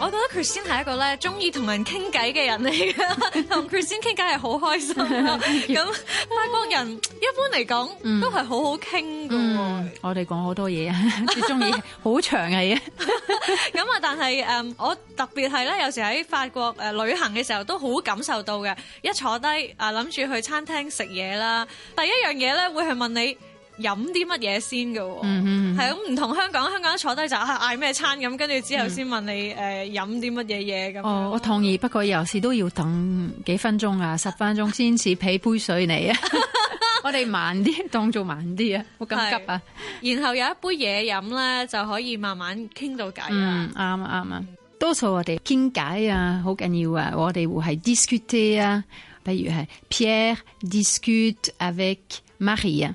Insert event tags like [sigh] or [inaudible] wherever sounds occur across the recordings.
我覺得佢先係一個咧，中意同人傾偈嘅人嚟嘅，同佢先傾偈係好開心咯。咁 [laughs] 法國人一般嚟講 [laughs] 都係好好傾㗎。我哋講好多嘢，最中意好長嘅嘢。咁啊，但係誒，我特別係咧，有時喺法國誒旅行嘅時候都好感受到嘅，一坐低啊，諗住去餐廳食嘢啦，第一樣嘢咧會係問你。飲啲乜嘢先嘅喎、哦，係咁唔同香港。香港坐低就嗌咩餐咁，跟住之後先問你誒、mm -hmm. 呃、飲啲乜嘢嘢咁。哦、oh，我同意，不過有時都要等幾分鐘啊， [laughs] 十分鐘先至俾杯水你 [laughs] [laughs] [laughs] 啊。我哋慢啲，當做慢啲啊，冇咁急啊。然後有一杯嘢飲咧，就可以慢慢傾到偈啦。啱啊啱啊，多數我哋傾偈啊，好緊要啊。Mm -hmm. 我哋會係 discute 啊，譬如係 Pierre discute avec、啊、Marie。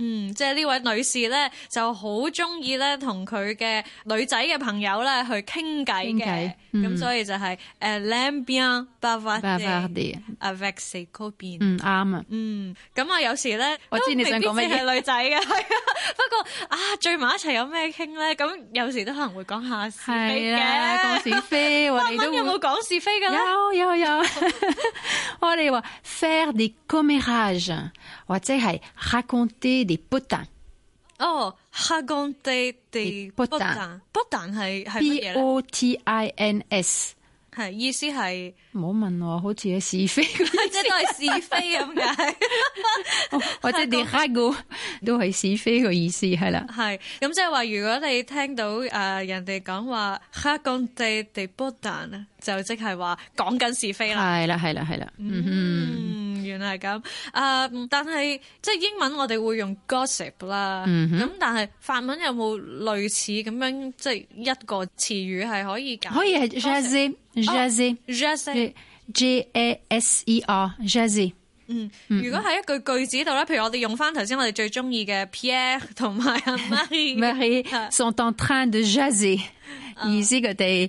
嗯，即係呢位女士咧就好中意咧同佢嘅女仔嘅朋友咧去傾偈嘅，咁、嗯、所以就係誒 Lambian Bavardie avec ses copines 嗯啱啊，嗯，咁、欸嗯嗯嗯嗯、我有時咧，我知你想講咩嘅，女仔嘅， [laughs] [laughs] 不過啊聚埋一齊有咩傾咧？咁有時都可能會講下是非嘅，講是非，我哋都會有有是非有。我哋話，faire des commérages，或者係 raconter。potin 哦，黑光地地 potin，不但係係乜嘢？P O T I N S 係意思係唔好問我，好似係是，是非，即 [laughs] 者都係是，是非咁解，或者 d i a 都係是，是非個意思係啦。係咁即係話，如果你聽到、呃、人哋講話黑光地地 potin 啊。De, de 就即係話講緊是非啦。係啦，係啦，係啦。嗯，嗯，原來係咁。誒、呃，但係即係英文我哋會用 gossip 啦。咁、嗯、但係法文有冇類似咁樣即係一個詞語係可以講？可以係 jaser，jaser，jaser，J A S E R，jaser。嗯，如果喺一句句子度咧，譬如我哋用翻頭先我哋最中意嘅 Pierre 同埋 Marie，Marie sont en train de jaser，意思佢哋。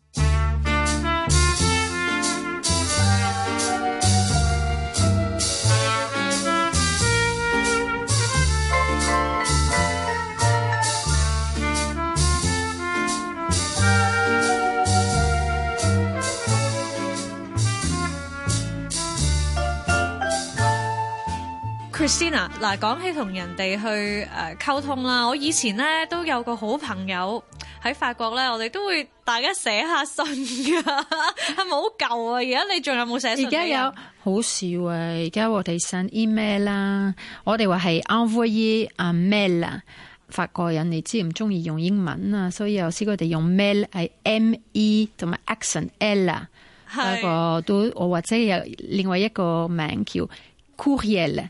先啊，嗱，講起同人哋去誒溝通啦，我以前咧都有個好朋友喺法國咧，我哋都會大家寫下信噶，係咪好舊啊？而家你仲有冇寫信？而家有，好少啊！而家我哋 send email 啦，啊，我哋話係 envoyer un mail 啦。法國人你知唔中意用英文啊，所以有時佢哋用 mail 係 m e 同埋 accent l 啦。不過都我或者有另外一個名叫 courriel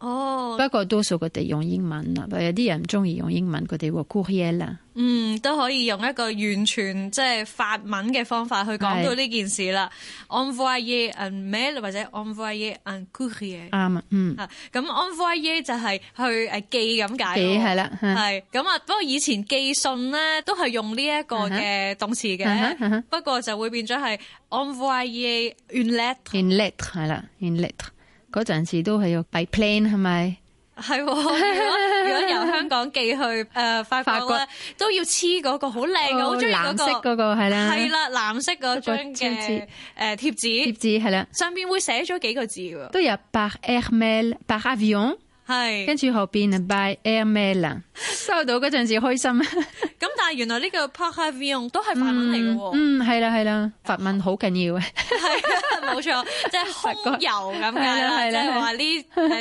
哦，不過多數佢哋用英文啦，有啲人唔中意用英文，佢哋會 courrier 啦。嗯，都可以用一個完全即係法文嘅方法去講到呢件事啦。Envoyer un mail 或者 envoyer un courrier。啱啊，嗯，咁、啊、envoyer 就係去誒寄咁解。寄係啦，係咁啊。不過以前寄信咧都係用呢一個嘅動詞嘅，uh -huh, uh -huh, 不過就會變咗係 envoyer une lettre。Une lettre 係啦，une lettre。嗰陣時都係要 by plane 係咪？係 [laughs] 如，如果由香港寄去快、呃、法國，法國都要黐嗰、嗰個好靚好中意藍色嗰、嗰個係啦，係啦藍色嗰張嘅誒貼、嗰個、貼紙。貼紙係啦，上面會寫咗幾個字喎。都有 air avion, par air mail, par avion 係，跟住後面 by air mail 收到嗰陣時開心。 [laughs] 原來呢個 par avion 都係法文嚟嘅，嗯，係啦係啦，法文好緊要嘅，係冇錯，即係空郵咁解啦，即係話呢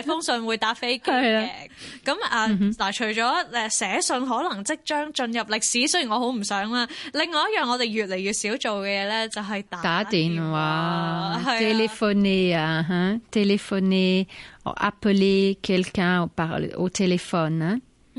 封信會搭飛機嘅。咁啊嗱，除咗誒寫信可能即將進入歷史，雖然我好唔想啦。另外一樣我哋越嚟越少做嘅嘢咧，就係打打電話，téléphoner 啊，téléphoner，appeler quelqu'un par au téléphone。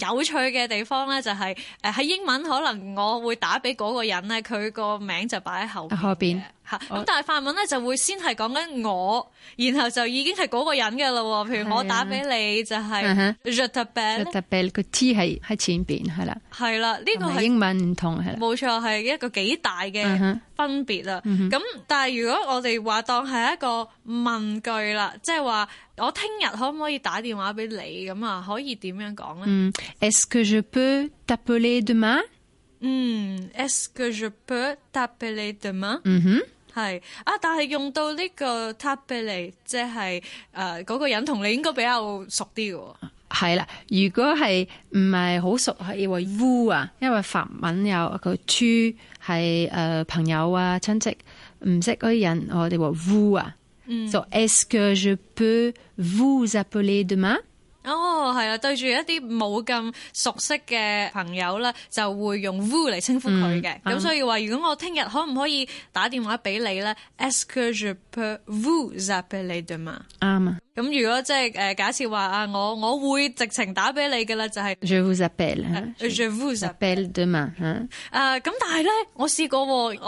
有趣嘅地方咧，就係，就係誒喺英文，可能我會打俾嗰個人咧，佢個名就擺喺後邊。後面。咁但係法文咧就會先係講緊我，然後就已經係嗰個人嘅咯。譬如我打俾你是、啊、就係、是、je t'appelle，je t'appelle、uh -huh, uh -huh. uh -huh. 啊個 T 係喺前邊係啦，係啦呢個係英文唔同係啦，冇錯係一個幾大嘅分別啊。咁、uh -huh. mm -hmm. 但係如果我哋話當係一個問句啦，即係話我聽日可唔可以打電話俾你咁啊？可以點樣講咧？嗯、Est-ce que je peux t'appeler demain？mm. Est-ce que je peux t'appeler demain？係啊，但係用到呢、這個 tap 畀你，即係誒嗰個人同你應該比較熟啲嘅喎。係啦，如果係唔係好熟，係話 vous 啊，因為法文有一個 tu 係誒朋友啊、親戚，唔識嗰啲人我哋話 vous 啊。嗯，so est-ce que je peux vous appeler demain？哦，係啊，對住一啲冇咁熟悉嘅朋友咧，就會用 vous 嚟稱呼佢嘅。咁、嗯嗯、所以話，如果我聽日可唔可以打電話俾你咧？Est-ce que je peux vous appeler 俾你，對嘛？啱啊。咁如果即係假設話啊，我我會直情打俾你嘅啦，就係、是。Je vous appelle、uh。Je vous appelle demain。咁，但係咧，我試過，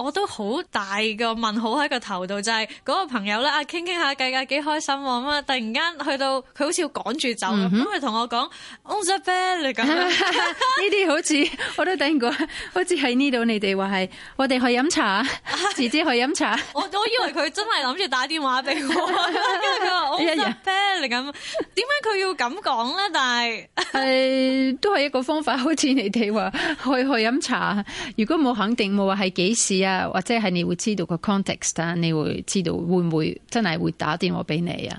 我都好大個問號喺個頭度，就係、是、嗰朋友咧，啊傾傾下計啊，幾開心啊、嗯，突然間去到佢好似要趕住走。嗯。咁佢同我講，on the phone 咁，呢、嗯、啲好似我都頂過，好似喺呢度你哋話係，我哋去飲茶，遲啲去飲茶。我我以為佢真係諗住打電話俾我，因為佢話 on the phone 咁，點解佢要咁講咧？但係係都係一個方法，好似你哋話去去飲茶。如果冇肯定，冇話係幾時啊，或者係你會知道個 context 啊，你會知道會唔會真係會打電話俾你啊？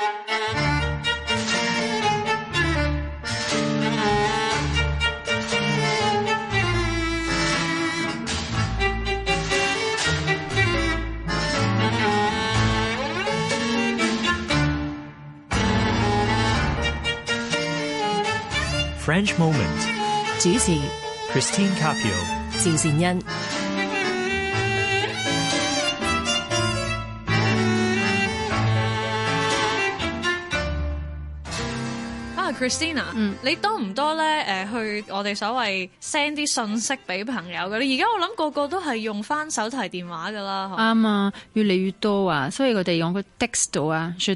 French moment，主持。Christine Capio，自善恩。啊、Christina，、嗯、你多唔多呢？去我哋所謂 send 啲信息畀朋友㗎。你而家我諗個個都係用返手提電話㗎啦，啱啊，um, 越嚟越多啊。所以佢哋用個 texto 啊。Je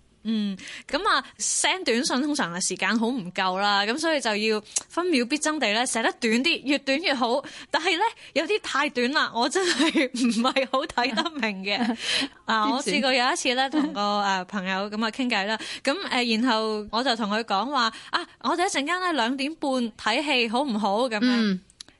嗯，咁啊，send 短信通常嘅時間好唔夠啦，咁所以就要分秒必爭地咧寫得短啲，越短越好。但係咧有啲太短啦，我真係唔係好睇得明嘅。 [laughs] 我試過有一次咧同個誒朋友咁啊傾偈啦，咁 [laughs] 然後我就同佢講話啊，我哋一陣間咧兩點半睇戲好唔好咁樣？嗯。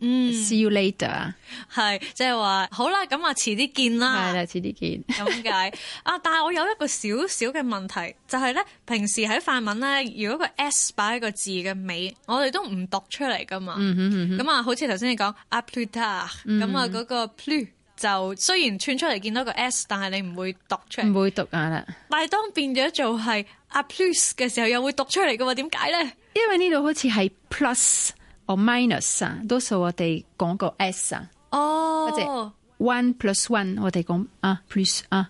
嗯、mm.，see you later，係即係話好啦，咁啊，遲啲見啦，係啦，遲啲見，咁 [laughs] 解啊！但係我有一個小小嘅問題，就係、是、咧，平時喺法文咧，如果個 s 擺喺個字嘅尾，我哋都唔讀出嚟噶嘛。咁、mm、啊 -hmm. 嗯，好似頭先你講 A plus tard，咁啊，嗰、mm -hmm. 個 plus 就雖然串出嚟見到個 s，但係你唔會讀出嚟，唔會讀噶啦。但係當變咗做係 A plus 嘅時候，又會讀出嚟噶喎？點解咧？因為呢度好似係 plus。或 minus 啊，多數我哋講個 s 啊，哦，即係 one plus one，我哋講啊 plus 一，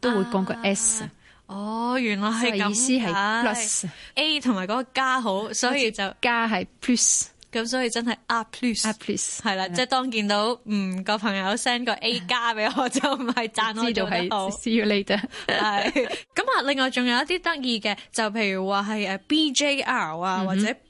都會講個 s、uh,。哦、oh，原來係咁、so。所以意思係 a 同埋嗰個加號，所以就加係 plus。咁所以真係 a plus。a plus 係、yeah, 啦、yeah.，即係當見到嗯個朋友 send 個 a 加俾我，就唔係贊我做得好。 [laughs] see you later。 [laughs] 係。咁啊，另外仲有一啲得意嘅，就譬如話係誒 bjr 啊，或者。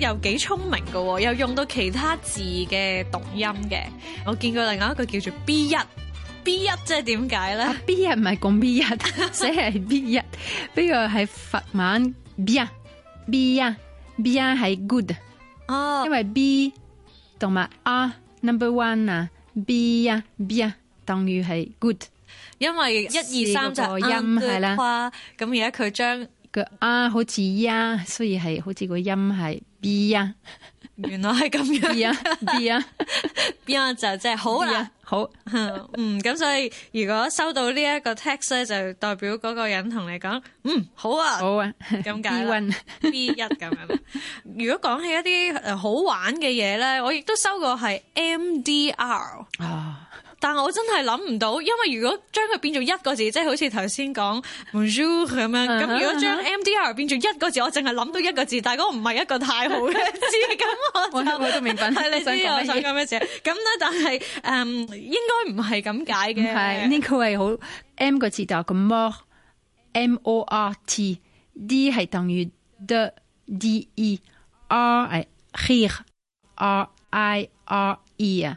又幾聰明噶，又用到其他字嘅讀音嘅。我見過另外一個叫做 B 一，B 一即係點解咧？B 一唔係講 B 一，即係 B 一。呢個係法文 Bien，Bien，Bien 係 good。哦，因為 B 同埋 R number one 啊 Bien，Bien 等於係 good。因為一二三就個音係、啊啊、啦，咁而家佢將個 R 好似呀，所以係好似個音係。B 啊，原來係咁樣。B 啊，B 啊就即係好啦，a, 好嗯咁所以如果收到呢一個 text 咧，就代表嗰個人同你講，嗯好啊，好啊咁解。B 一咁樣，B1、樣 [laughs] 如果講起一啲誒好玩嘅嘢咧，我亦都收過係 MDR 啊。但係我真係諗唔到，因為如果將佢變做一個字，即係好似頭先講 monu 咁樣。咁如果將 MDR 變做一個字，我淨係諗到一個字，但係嗰個唔係一個太好嘅字。咁我唔係都明白。係你想講咩？想講咩字？咁咧，但係誒應該唔係咁解嘅。係呢個係好，M 個字讀作 mort，M-O-R-T，D 係等於 de，D-E，R 係 rire，R-I-R-E。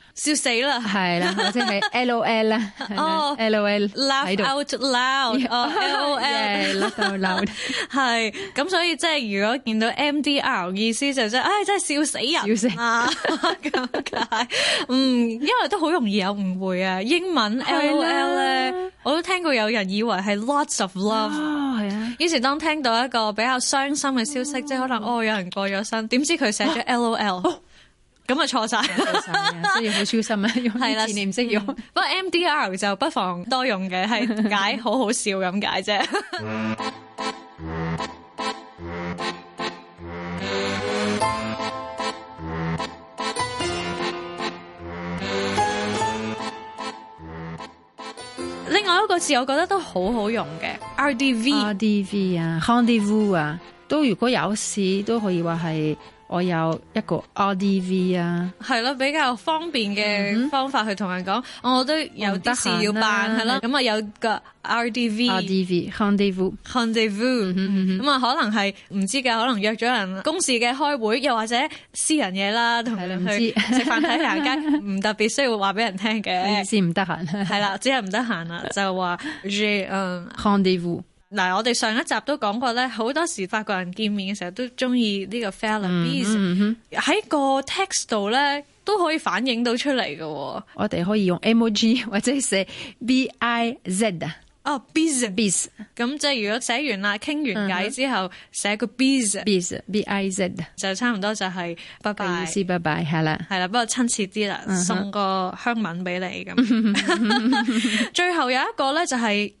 笑死啦！ [laughs] 係啦，即、oh, 你 L O L 啦，哦，L O L，Laugh out loud，L O L，Laugh out loud，係、yeah. 咁、oh, yeah, [laughs] 所以即係如果見到 M D R 意思就即、是、唉、哎，真係笑死人啊！咁解， [laughs] [laughs] 嗯，因為都好容易有誤會啊。英文 L O L 咧，我都聽過有人以為係 Lots of Love，係 [laughs] 啊。於是當聽到一個比較傷心嘅消息，oh. 即係可能哦有人過咗身，點知佢寫咗 L O L。Oh. Oh. 咁啊錯晒，所以好小心啊！ [laughs] 用，係啦，你、嗯、唔識用，不過 M D R 就不妨多用嘅，係解好好笑咁解啫。另外一個字，我覺得都好好用嘅，R D V、R D V 啊、Rendezvous 啊，都如果有事，都可以話係。我有一個 R D V 啊，係咯，比較方便嘅方法去同人講，mm -hmm. 哦，我都有啲事要辦，係咯，咁啊有個 R D V，R D V，rendezvous，rendezvous，咁啊可能係唔知嘅，可能約咗人公事嘅開會，又或者私人嘢啦，同佢食飯睇、行街，唔 [laughs] 特別需要話俾人聽嘅，意思唔得閒，係啦，只係唔得閒啦，就話嗯 rendezvous 嗱，我哋上一集都講過咧，好多時法國人見面嘅時候都中意呢個 faire la bise”，喺，嗯嗯嗯，個 text 度咧都可以反映到出嚟嘅，哦。我哋可以用 emoji 或者寫 B I Z 啊，哦。哦，biz biz。咁即係如果寫完啦，傾完偈之後寫，嗯，個 biz biz B I Z 就差唔多就係拜拜，意思拜拜係啦，係啦，不過親切啲啦，嗯，送個香吻俾你咁。嗯嗯， [laughs] [laughs] 最後有一個咧就係，是。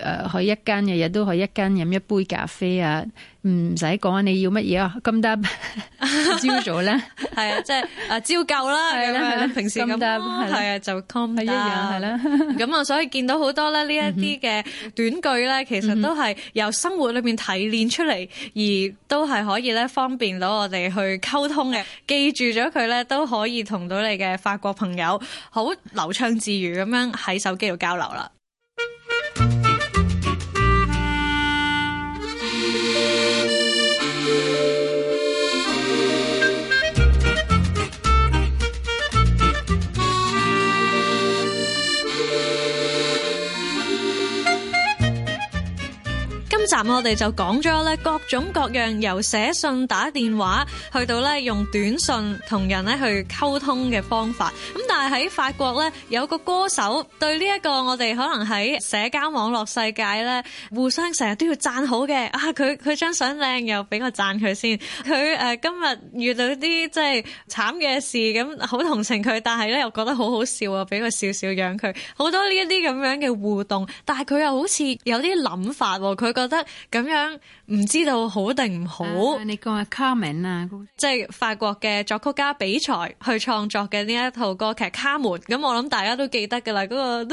誒、啊，可以一間日日都可以一間飲一杯咖啡啊！唔使講你要乜嘢啊，今、嗯、朝早咧，係 [laughs] 啊，即係誒照舊啦咁樣，平時咁係啊，就 come d 係啦。咁啊， [laughs] 所以見到好多咧呢一啲嘅短句咧，其實都係由生活裏邊提煉出嚟，而都係可以咧方便到我哋去溝通嘅。記住咗佢咧，都可以同到你嘅法國朋友好流暢自如咁樣喺手機度交流啦。我哋就講咗咧各種各樣由寫信打電話去到咧用短信同人咧去溝通嘅方法。咁但係喺法國咧有個歌手對呢一個我哋可能喺社交網絡世界咧互相成日都要讚好嘅啊，佢佢張相靚又俾我讚佢先。佢誒、呃、今日遇到啲即係慘嘅事咁，好同情佢，但係咧又覺得好好笑啊，俾佢笑笑樣佢。好多呢一啲咁樣嘅互動，但係佢又好似有啲諗法，佢覺得。咁樣唔知道好定唔好？你講下卡門啊，即係、啊就是、法國嘅作曲家，比賽去創作嘅呢一套歌劇卡門。咁我諗大家都記得嘅啦，嗰、那個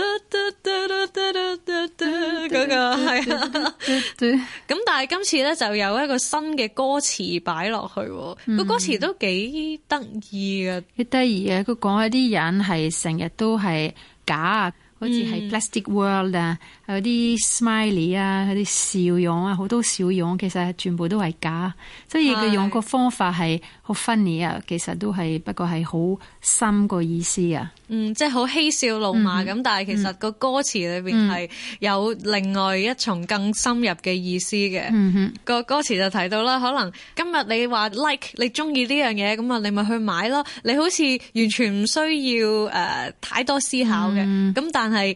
嗰個係啊。咁、嗯、 [laughs] 但係今次咧就有一個新嘅歌詞擺落去，個、嗯、歌詞都幾得意嘅，幾得意嘅。佢講一啲人係成日都係假。好似係 Plastic World 啊，嗯，有啲 Smiley 啊，有啲笑容啊，好多笑容，其實全部都係假，所以佢用個方法係。好 funny 啊，其實都係不過係好深個意思啊。嗯，即係好嬉笑怒罵咁，但係其實個歌詞裏面係有另外一重更深入嘅意思嘅。嗯哼，個歌詞就提到啦，可能今日你話 like 你中意呢樣嘢，咁啊你咪去買咯。你好似完全唔需要、呃、太多思考嘅，咁、嗯、但係。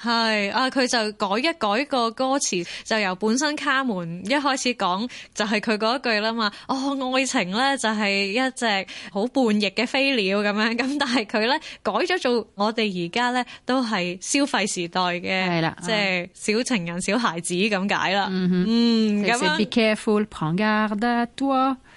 係啊，佢就改一改一個歌詞，就由本身卡門一開始講就係佢嗰一句啦嘛。哦，愛情咧就係一隻好叛逆嘅飛鳥咁樣咁，但係佢咧改咗做我哋而家咧都係消費時代嘅，係啦，即係小情人、小孩子咁解啦。嗯，咁 be careful 啊 care。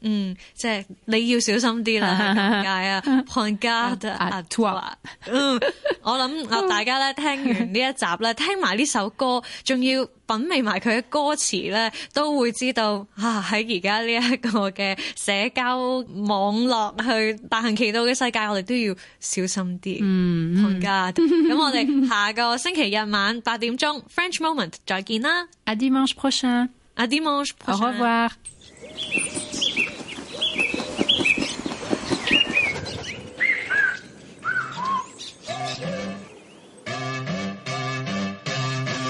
嗯，即係你要小心啲啦，界啊 Point Garde 啊，à toi，我諗啊，大家咧聽完呢一集咧，聽埋呢首歌，仲要品味埋佢嘅歌詞咧，都會知道啊！喺而家呢一個嘅社交網絡去大行其道嘅世界，我哋都要小心啲。嗯 Point Garde 咁我哋下個星期日晚八點鐘 French Moment 再見啦。À dimanche prochain，A dimanche prochain，À dimanche prochain. [laughs]